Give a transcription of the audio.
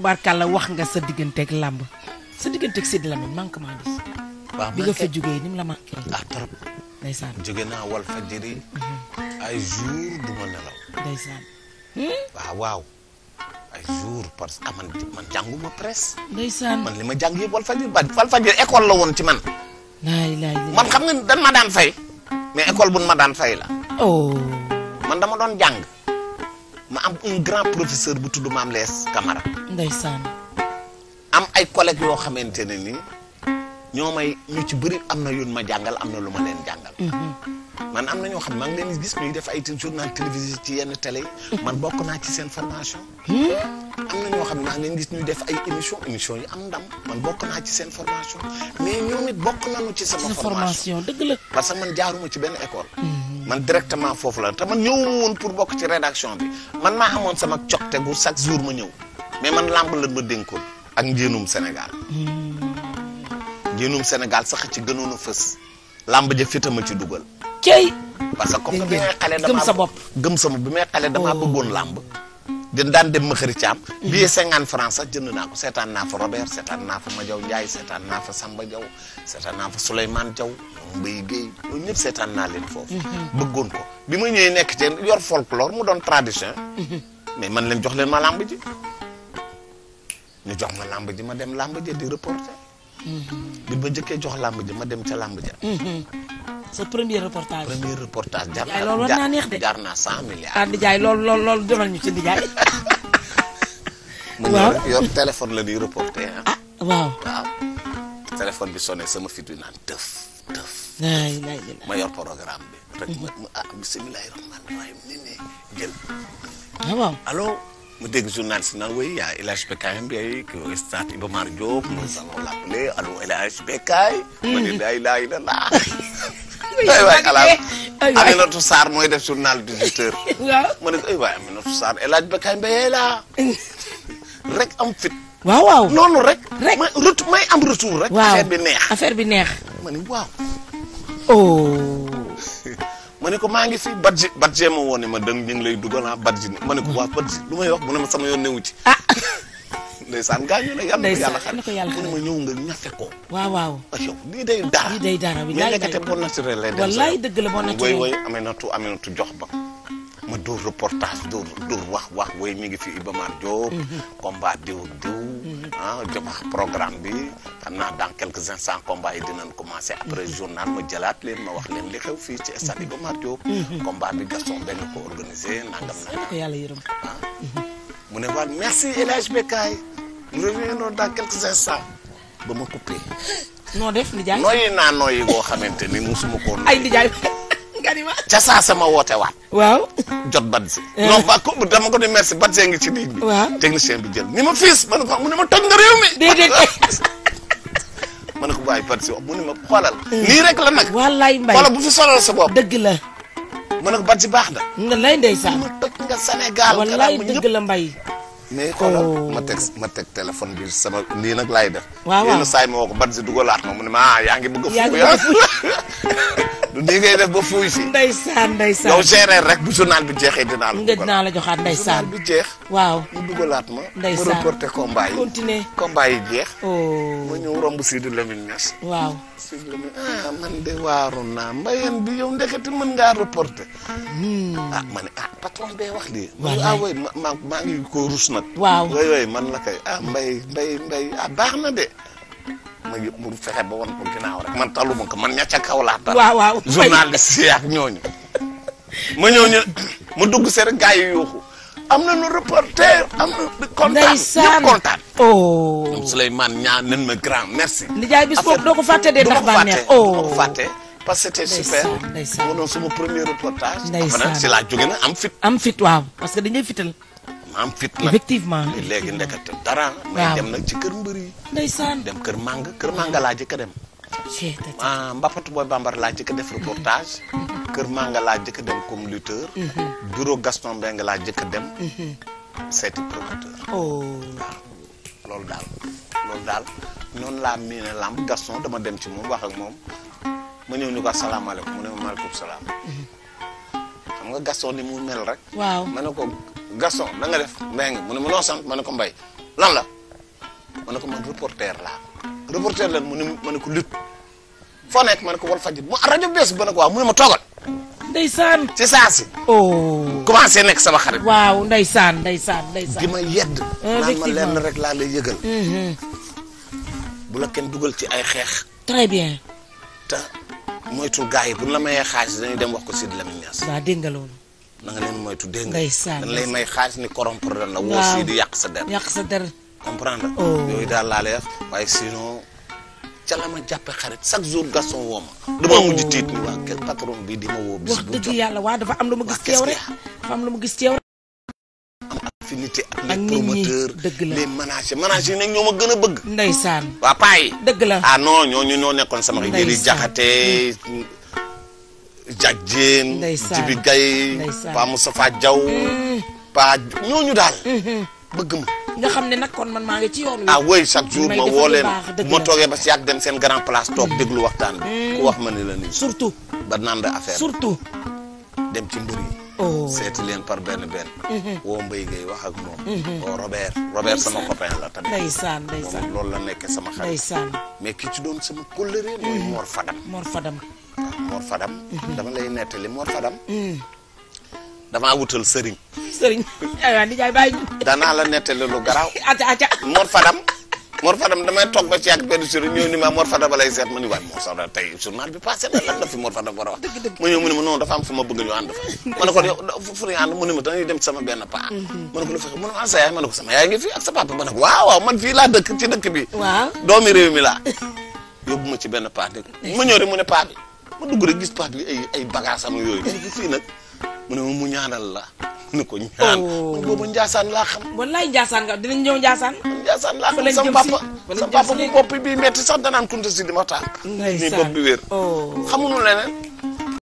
tubaarkàlla wax nga sa digganteeg làmb sa digganteeg Sidi Lamine manquement bi. waaw bi di fa jógee la manqué. ah trop. ndeysaan jóge naa wal mhm. ay jour du ma nelaw. ndeysaan. Hmm? waaw waaw. ay jour parce que ah, man man jànguma presse. man li ma jàng yëpp wal fajiri ba école la woon ci man. laay laay man xam nga dan ma daan fay. mais école buñ ma daan fay la. oh. man dama doon jàng. ma am un grand professeur bu tudd lees Less Camara. ndeysaan. am ay collègues yoo xamante ne nii ñoo may ñu ci bëri am na yoon ma jàngal am na lu ma leen jàngal. Mm-hmm. man am na ñoo xam ne maa ngi leen gis ñuy def ay journal télévisé ci yenn télé mm-hmm. man bokk naa ci seen formation. Hmm? am xam ne maa ngi gis ñuy def ay émission émission yi am ndam man bokk naa ci seen formation mais ñoom it bokk nañu ci sama formation dëgg la parce que man jaaruma ci benn école. Mm-hmm. man directement foofu la te man ñëwuma woon pour bokk ci rédaction bi man maa amoon sama cogte gu chaque jour ma ñëw mais man làmb la ma dénkoon ak njéenum Sénégal njéenum Sénégal sax ci gënoon a fës làmb ja ma ci dugal cey parce que comme que bi may xale dama gëm sa bopp gëm may xale damaa oh. bëggoon làmb din daan dem ma xëri caam billet cinquante francs sax jënd naa ko seetaan naa fa Robert seetaan naa fa jaw Ndiaye seetaan naa fa Samba Diaw seetaan naa fa Souleymane Diaw Mbaye Guèye ñoom ñëpp seetaan naa leen foofu mhm. bëggoon ko bi ma ñëwee nekk ci yor folklore mu doon tradition mhm. mais man leen jox leen ma làmb ji ñu jox ma làmb ji ma dem làmb ji di reporter mhm. bi ma njëkkee jox làmb ji ma dem ca làmb ja sa premier reportage. premier reportage jar naa loolu war naa neex de jar naa cent milliards. ah ñu ci Ndiaye. waaw la di ah. Ah, bi sonné sama fit bi naan tëf tëf. naay naay ma programme bi. ah bisimilah rahmaani rahiim ni ne jël. ah waaw allo. naan oui y' a El Hadj Bekkay Mbaye kii au stade Mar Diop. nous allons l'appeler allo El Hadj Bekkay. Mm. ma ne la ilaha illallah. ay waay alaay mooy def journal du auditeur. waaw ko ay waay Aminata Sarr El Hadj Bakay Mbaye laa rek am fit. waaw waaw noonu rek. rek may am retour rek. affaire bi neex affaire bi neex. ma ne waaw. oh. ma ko maa ngi fi Badji Badji ma woon ma dañ ñu lay dugal ah Badji ma ko waa Badji lu may wax mu ne ma sama yoon newu ci. Ah. ndeysaan gaañu na yàlla na ko yàlla xamal ma ñëw nga ñafe ko waaw waaw yow lii day dara lii day dara bi mais nekkate bon naturel lay dem wallaay dëgg la bon naturel way way Aminatu Aminatu jox ba ma dóor reportage dóor dóor wax wax way mi ngi fi Iba Mar Diop mhm. combat diw diw mhm. ah jox programme bi xam naa dans quelques instants combat yi dinañ commencer après mhm. journal ma jëlaat leen ma wax leen li xew fii ci stade Iba Mar Diop combat bi Gaston benn ko organisé nangam na ko yàlla yërëm ah. mu ne waat merci El Hadj Becaye nous reviendrons dans quelques instants ba ma coupé. noo def Ndiaye. nooyi naa nooyi boo xamante ni musuma koo nooyi. ay Ndiaye nga ni ma. ca saa sama woote waat. waaw. jot Badji. Eh. non ba ko dama ko ne merci Badji ngi ci ligne bi. waaw technicien bi jël ni ma fiis man ko mu ne ma toj nga réew mi. ma ne ko bàyyi ay wax mu ne ma xoolal. nii eh. rek la nag. wallaay mbay xoolal bu fi sonal sa bopp. dëgg la. ma ne baax na. nga lay ndeysaan ma nga Sénégal. wallaay dëgg la mbay. mais xoolal oh. ma teg ma teg téléphone bi sama lii nag lay def. waaw waaw yenn saa yi ma woo ko Badji dugalaat mu ne ma ah, yaa ngi bëgg a. yaa ngi bëgg li ngay def ba fuuy si. ndeysaan ndeysaan yow séeréer rek bu journal bi jeexee dinaa la. dinaa la joxaat ndeysaan journal bi jeex. waaw mu dugalaat ma. ndeysaan ma reporté combat yi jeex. Oh. ma ñëw romb Sidi Lamine Niass. waaw Sidi Lamine ah, man de waaru naa mbayeen bi yow ndekete mën ngaa reporté. Hmm. ah ma ne ah patron bee wax lii. ah ma maa ngi ko rus nag. waaw yooyu man la kay ah mbay mbay mbay ah baax na de. ma mu fexe ba wan ko ginnaaw rek man taluma ko man ña kaw laa tal. waaw waaw journaliste yi ak ñooñu. ma ñëw ñu ma dugg see rek gars yi yuuxu am nañu reporter am na kontaan ñëpp kontaan. oh ñoom Souleymane ñaan nañ ma grand merci. nijaay bis boobu doo ko fàtte de ndax bànneex doo ko oh. fàtte parce que c'était waaw parce que dañuy fital. ma am fit nag effectivement léegi ndekete dara. may dem nag ci kër mbër yi. dem kër màng kër màng laa jëkk a dem. ah Mbapatu booy bambara laa jëkk def reportage. Mhm. kër manga laa jëkk dem comme lutteur. bureau Gaston nga laa jëkk a dem. Mhm. Mhm. seeti promoteur. Oh. waaw loolu daal loolu daal noonu laa miine lamb Gaston dama dem ci moom wax ak moom ma ñëw ñu ko asalaamaaleykum mu ne ma maaleykum nga Gaston mu mel rek. ma ne ko. Gaston na nga def Mbengue mu ne ma noo sant ma ne ko Mbaye lan la ma ne ko man reporter laa reporter lan mu ne ma ne ko lutte foo nekk ma ne ko Walf Fadjri mu rajo bees ba ko waaw mu ne ma toogal. ndeysaan ci saa si. oh commencé nekk sama xarit. waaw ndeysaan ndeysaan ndeysaan. di ma yedd. Ah, naan ma lenn rek laa la yëgal. Mm-hmm. bu la kenn dugal ci ay xeex. très bien. te moytu gars yi bu la mayee xaalis dañuy dem wax ko Sidi Lamine Niass. waaw dégg nga loolu. na nga mooy moytu dégg nga. ndeysaan dañ lay may xaalis ni corrompre la. waaw woo sii di yàq sa der. yàq sa der. comprendre nga. Oh. yooyu daal laa lay waaye sinon. ca la ma jàppe xarit chaque jour Gaston woo ma. damaa oh. mujj tiit ni waa kër patron bi di ma woo. bis bu yàlla waa dafa am la ma gis ci rek am lu ma gis ci yow rek. am affinité ak les dëgg la les managers managers yi ñoo ma gën a bëgg. ndeysaan. waa paa dëgg la ah non ñooñu ñoo nekkoon sama. ndeysaan yi jaxate. Jaaj Jéen. ndeysaan Jibi Gaye. ndeysaan Pa Moustapha Diaw. Mm-hmm. Pa ñooñu daal. Mm-hmm. bëgg ma. nga xam ne nag kon man maa ngi ci yoon wi. ah oui chaque jour ma woo leen ma toogee ba si yàgg dem seen grand place toog mm-hmm. déglu waxtaan bi. ku wax ma ne la nii. surtout ba nand affaire surtout. dem ci mbir oh. seeti leen par benn benn. woo Mbaye Gueye wax ak moom. woo Robert sama copain la tamit. ndeysaan ndeysaan la nekkee sama xarit. ndeysaan mais ki ci doon sama kóllëre. mooy Mor Fadam. Mor Fadam. Mhm. dama lay nettali Mor Fadam. Mm. damaa wutal sëriñ. sëriñ aywa di jaay bàyyi. danaa la nettali lu garaaw. aca aca Mor Fadam. Mor Fadam damay toog ba ci ak benn sëriñ ñëw ni ma Mor Fadam lay seet ma ni waay Mor Fadam tey journal bi passé na lan la fi Mor Fadam war a wax. dëgg dëgg ma ñëw mu ne ma non dafa am fu ma bëgg ñu ànd fa. ma ne ko fu fu ñu ànd mu ne ma dañuy dem ci sama benn paa. Mhm. ma ne ko lu fexe mu ne ma ah, sa yaay ma ne ko sama yaay ngi fi ak sa papa ma ne ko waaw waaw man fii laa dëkk ci dëkk bi. waaw doomi réew mi laa. yóbbu ma ci benn paa dëgg ma ñëw rek mu ne paa bi ma dugg rek gis pape bi ay ay bagages am yooyu ma ne ko fii nag mu a mu ñaanal la mu a ko ñaan oh. man booba Ndiassane laa xam. wallaay Ndiassane nga dinañ ñëw Ndiassane. Ndiassane laa xam sama papa sama papa bu bopp bi metti sax danaan kunta si di ma taal. ndeysaan nii bopp bi wér. Oh. xamuñu leneen.